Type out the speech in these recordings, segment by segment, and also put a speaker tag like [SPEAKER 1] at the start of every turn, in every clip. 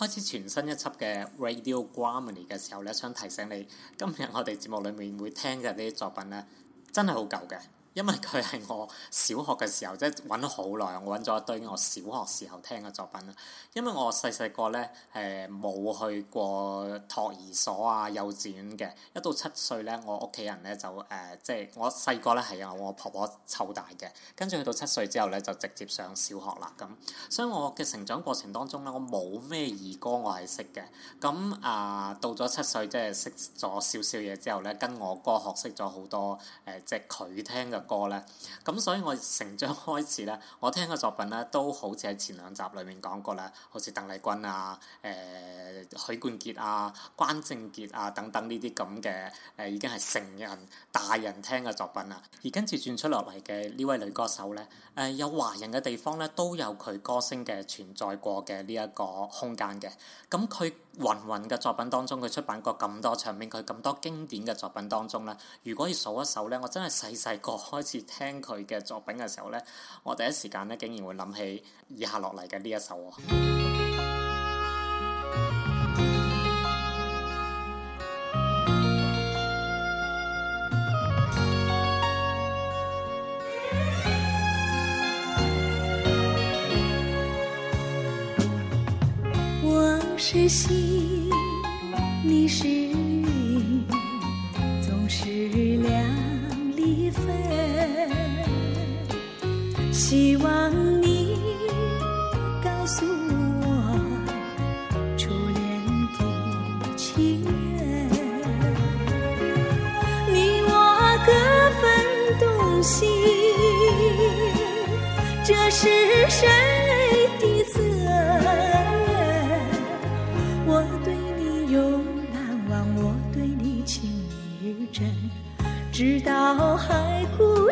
[SPEAKER 1] 開始全新一輯嘅 Radio Grammy 嘅時候咧，想提醒你，今日我哋節目裡面會聽嘅呢啲作品咧，真係好舊嘅。因為佢係我小學嘅時候，即係揾咗好耐，我揾咗一堆我小學時候聽嘅作品啦。因為我細細個咧，誒冇去過托兒所啊、幼稚園嘅，一到七歲咧，我屋企人咧就誒、呃、即係我細個咧係由我婆婆湊大嘅，跟住去到七歲之後咧就直接上小學啦咁。所以我嘅成長過程當中咧，我冇咩兒歌我係識嘅。咁啊、呃，到咗七歲即係識咗少少嘢之後咧，跟我哥學識咗好多誒、呃、即係佢聽嘅。歌咧，咁、嗯、所以我成長開始咧，我聽嘅作品咧都好似喺前兩集裏面講過啦，好似鄧麗君啊、誒、呃、許冠傑啊、關正傑啊等等呢啲咁嘅誒，已經係成人大人聽嘅作品啦。而跟住轉出落嚟嘅呢位女歌手咧，誒、呃、有華人嘅地方咧都有佢歌聲嘅存在過嘅呢一個空間嘅。咁佢芸芸嘅作品當中，佢出版過咁多唱片，佢咁多經典嘅作品當中咧，如果要數一數咧，我真係細細個。開始聽佢嘅作品嘅時候呢，我第一時間咧竟然會諗起以下落嚟嘅呢一首 我
[SPEAKER 2] 是心，你是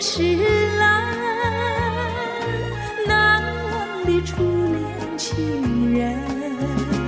[SPEAKER 2] 是那難忘的初戀情人。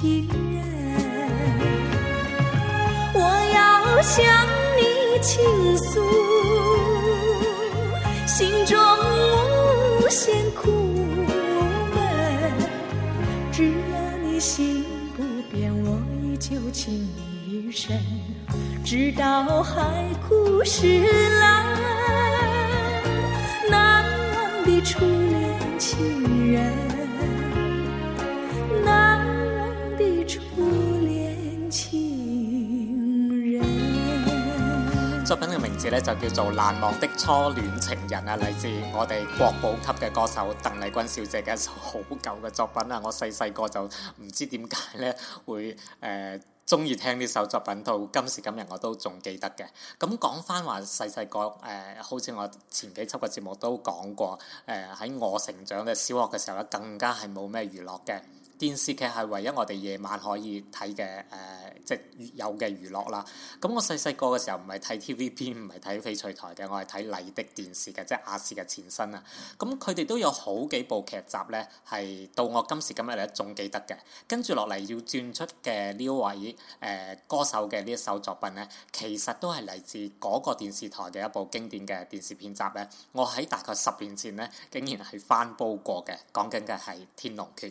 [SPEAKER 2] 情人，我要向你傾訴，心中無限苦悶。只要你心不變，我依舊情意深，直到海枯石爛。
[SPEAKER 1] 就叫做《難忘的初戀情人》啊，嚟自我哋國寶級嘅歌手鄧麗君小姐嘅一首好舊嘅作品啊！我細細個就唔知點解咧會誒中意聽呢首作品，到今時今日我都仲記得嘅。咁講翻話細細個誒，好似我前幾輯嘅節目都講過誒，喺、呃、我成長嘅小學嘅時候咧，更加係冇咩娛樂嘅。電視劇係唯一我哋夜晚可以睇嘅，誒、呃，即係有嘅娛樂啦。咁我細細個嘅時候唔係睇 TVB，唔係睇翡翠台嘅，我係睇麗的電視嘅，即係亞視嘅前身啊。咁佢哋都有好幾部劇集咧，係到我今時今日咧仲記得嘅。跟住落嚟要轉出嘅呢位誒、呃、歌手嘅呢一首作品咧，其實都係嚟自嗰個電視台嘅一部經典嘅電視片集咧。我喺大概十年前咧，竟然係翻煲過嘅，講緊嘅係《天龍訣》。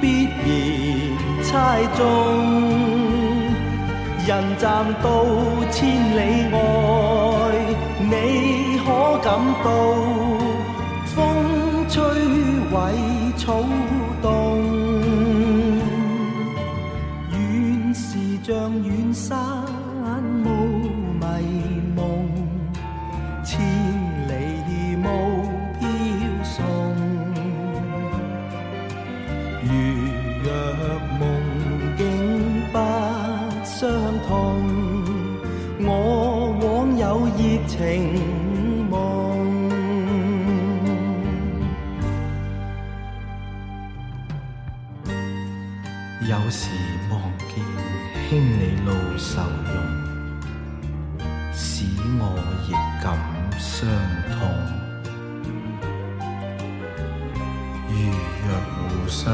[SPEAKER 3] 必然猜中，人站到千里外，你可感到風吹葦草動。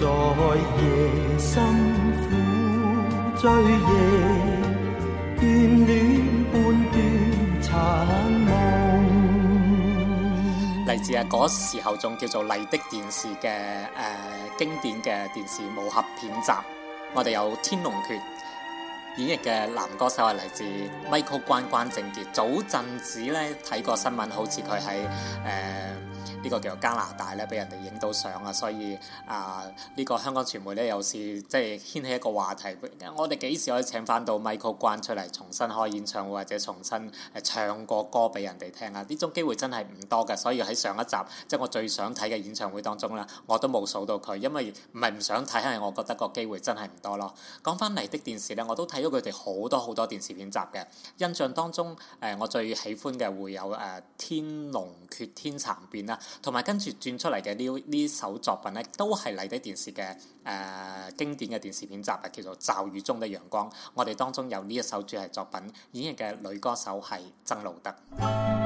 [SPEAKER 3] 在夜深苦追憶，眷戀半段殘夢。
[SPEAKER 1] 嚟自啊，嗰時候仲叫做麗的電視嘅誒、呃、經典嘅電視武俠片集，我哋有《天龍訣》演繹嘅男歌手係嚟自 Michael 關，關正傑。早陣子咧睇過新聞，好似佢喺誒。呃呢個叫做加拿大咧，俾人哋影到相啊！所以啊，呢、呃這個香港傳媒咧有時即是即係掀起一個話題。我哋幾時可以請翻到 Michael 關出嚟重新開演唱會，或者重新誒唱個歌俾人哋聽啊？呢種機會真係唔多嘅。所以喺上一集，即係我最想睇嘅演唱會當中咧，我都冇數到佢，因為唔係唔想睇，係我覺得個機會真係唔多咯。講翻嚟的電視咧，我都睇咗佢哋好多好多電視片集嘅，印象當中誒、呃、我最喜歡嘅會有誒、呃《天龍訣》、《天蠶變》啦。同埋跟住轉出嚟嘅呢呢首作品咧，都係麗的電視嘅誒、呃、經典嘅電視片集，叫做《驟雨中的陽光》。我哋當中有呢一首主題作品，演繹嘅女歌手係曾路得。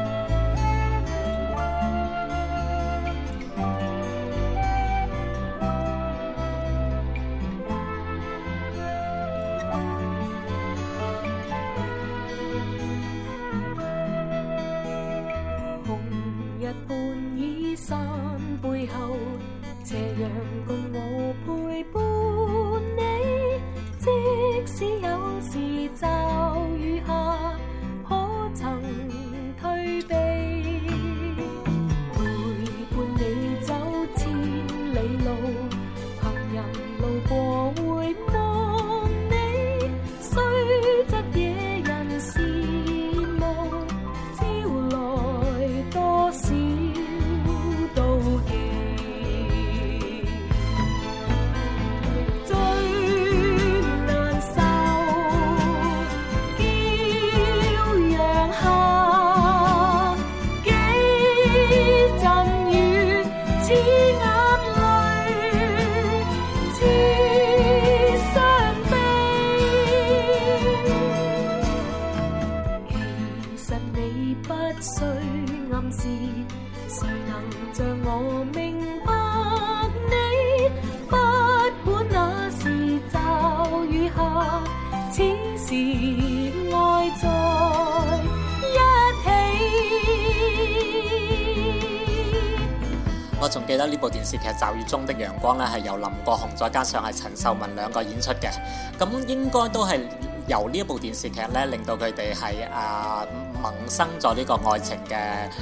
[SPEAKER 1] 部電視劇《驟雨中的陽光》咧，係由林國雄再加上係陳秀雯兩個演出嘅，咁應該都係由呢一部電視劇咧，令到佢哋係啊萌生咗呢個愛情嘅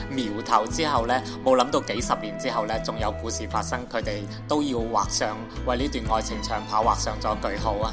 [SPEAKER 1] 苗頭之後咧，冇諗到幾十年之後咧，仲有故事發生，佢哋都要畫上為呢段愛情長跑畫上咗句號啊！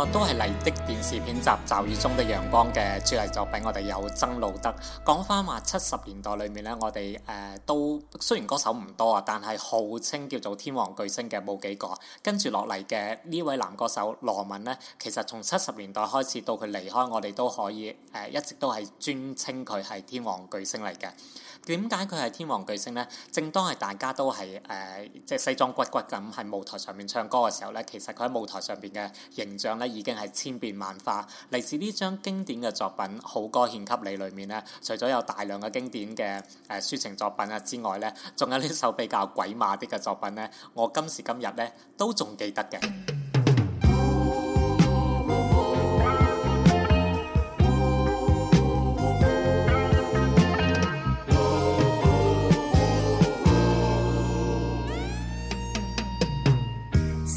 [SPEAKER 1] 啊、都係嚟的電視片集《驟雨中的陽光》嘅主題作品，我哋有曾路得講翻話七十年代裏面呢，我哋誒、呃、都雖然歌手唔多啊，但係號稱叫做天王巨星嘅冇幾個。跟住落嚟嘅呢位男歌手羅文呢，其實從七十年代開始到佢離開，我哋都可以誒、呃、一直都係尊稱佢係天王巨星嚟嘅。點解佢係天王巨星呢？正當係大家都係誒，即係西裝骨骨咁喺舞台上面唱歌嘅時候呢，其實佢喺舞台上邊嘅形象呢已經係千變萬化。嚟自呢張經典嘅作品《好歌獻給你》裏面呢，除咗有大量嘅經典嘅誒抒情作品啊之外呢，仲有呢首比較鬼馬啲嘅作品呢。我今時今日呢，都仲記得嘅。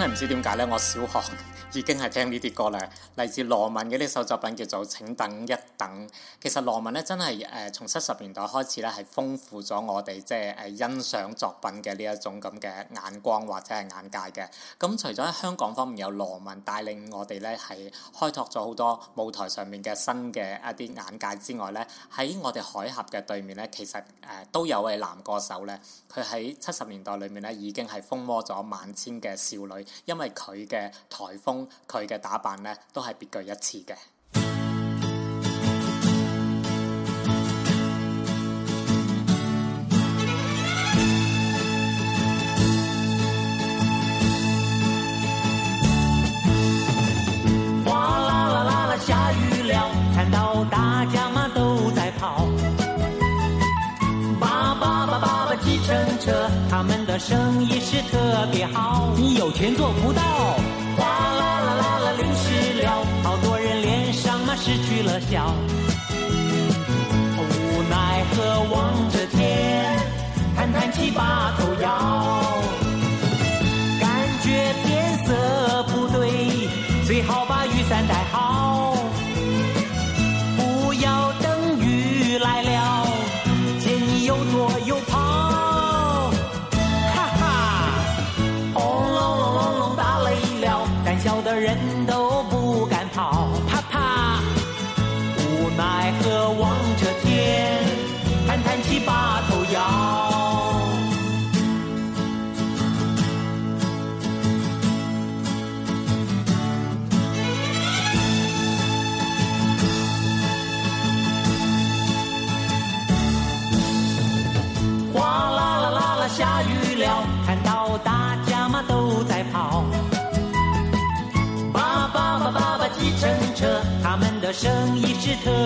[SPEAKER 1] 真係唔知點解咧，我小學，已經係聽呢啲歌咧，嚟自羅文嘅呢首作品叫做《請等一等》。其實羅文咧真係誒，從七十年代開始咧，係豐富咗我哋即係誒、呃、欣賞作品嘅呢一種咁嘅眼光或者係眼界嘅。咁、嗯、除咗喺香港方面有羅文帶領我哋咧，係開拓咗好多舞台上面嘅新嘅一啲眼界之外咧，喺我哋海峽嘅對面咧，其實誒、呃、都有位男歌手咧，佢喺七十年代裏面咧已經係風魔咗萬千嘅少女，因為佢嘅台風。佢嘅打扮呢，都係別具一格嘅。
[SPEAKER 4] 嘩啦啦啦啦，下雨了，看到大家嘛都在跑。叭叭叭叭叭，計程車，他們的生意是特別好。你有錢做不到。失去了笑，無奈何望着天，嘆嘆氣，把頭搖。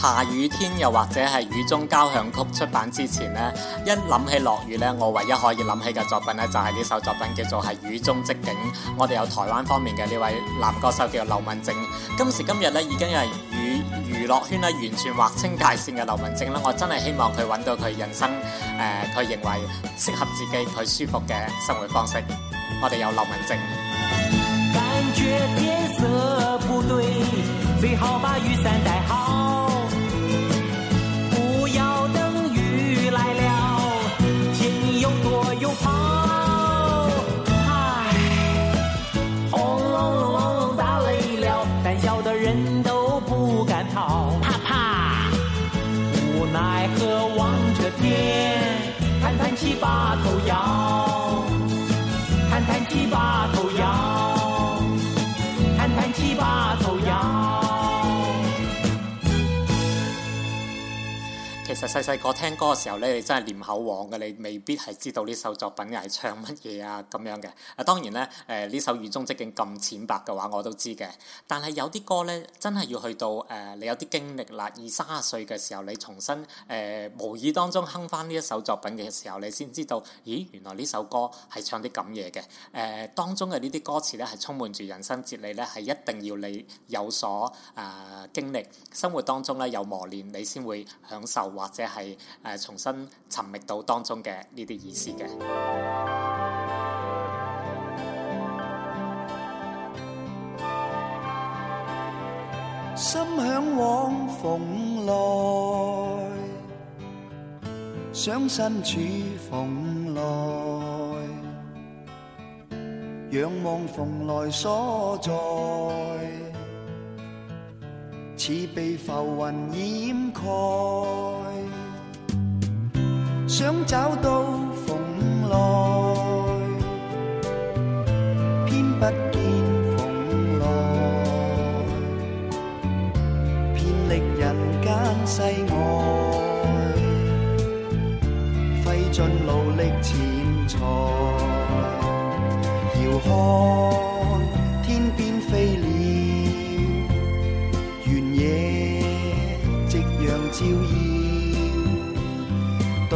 [SPEAKER 1] 下雨天又或者係雨中交響曲出版之前咧，一諗起落雨咧，我唯一可以諗起嘅作品咧，就係呢首作品叫做係雨中即景。我哋有台灣方面嘅呢位男歌手叫做劉文正，今時今日咧已經係與娛樂圈咧完全劃清界線嘅劉文正啦。我真係希望佢揾到佢人生誒，佢認為適合自己佢舒服嘅生活方式。我哋有劉文正。細細個聽歌嘅時候咧，你真係念口黃嘅，你未必係知道呢首作品係唱乜嘢啊咁樣嘅。啊，當然咧，誒、呃、呢首雨中即景咁淺白嘅話，我都知嘅。但係有啲歌咧，真係要去到誒、呃，你有啲經歷啦，二三十歲嘅時候，你重新誒、呃、無意當中哼翻呢一首作品嘅時候，你先知道，咦，原來呢首歌係唱啲咁嘢嘅。誒、呃，當中嘅呢啲歌詞咧，係充滿住人生哲理咧，係一定要你有所啊、呃、經歷，生活當中咧有磨練，你先會享受或者。係重新尋覓到當中嘅呢啲意思嘅。
[SPEAKER 3] 心向往蓬萊，
[SPEAKER 5] 想身處蓬萊，仰望蓬萊所在。似被浮雲掩蓋，想找到。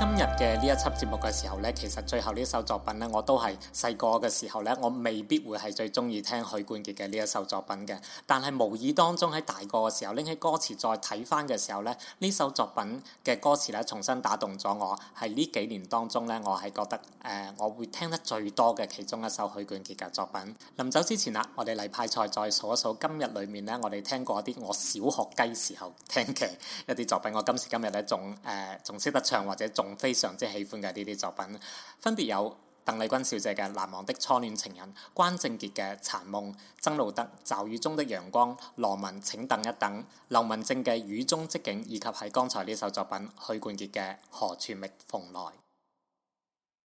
[SPEAKER 1] 今日嘅呢一輯節目嘅時候呢，其實最後呢首作品呢，我都係細個嘅時候呢，我未必會係最中意聽許冠傑嘅呢一首作品嘅。但係無意當中喺大個嘅時候拎起歌詞再睇返嘅時候呢，呢首作品嘅歌詞呢，重新打動咗我。係呢幾年當中呢，我係覺得誒、呃、我會聽得最多嘅其中一首許冠傑嘅作品。臨走之前啦，我哋嚟派菜再數一數今日裏面呢，我哋聽過一啲我小學雞時候的聽嘅一啲作品，我今時今日呢，仲誒仲識得唱或者仲。非常之喜歡嘅呢啲作品，分別有鄧麗君小姐嘅《難忘的初戀情人》，關正傑嘅《殘夢》，曾路得《驟雨中的陽光》，羅文《請等一等》，劉文正嘅《雨中即景》，以及喺剛才呢首作品許冠傑嘅《何處覓蓬萊》。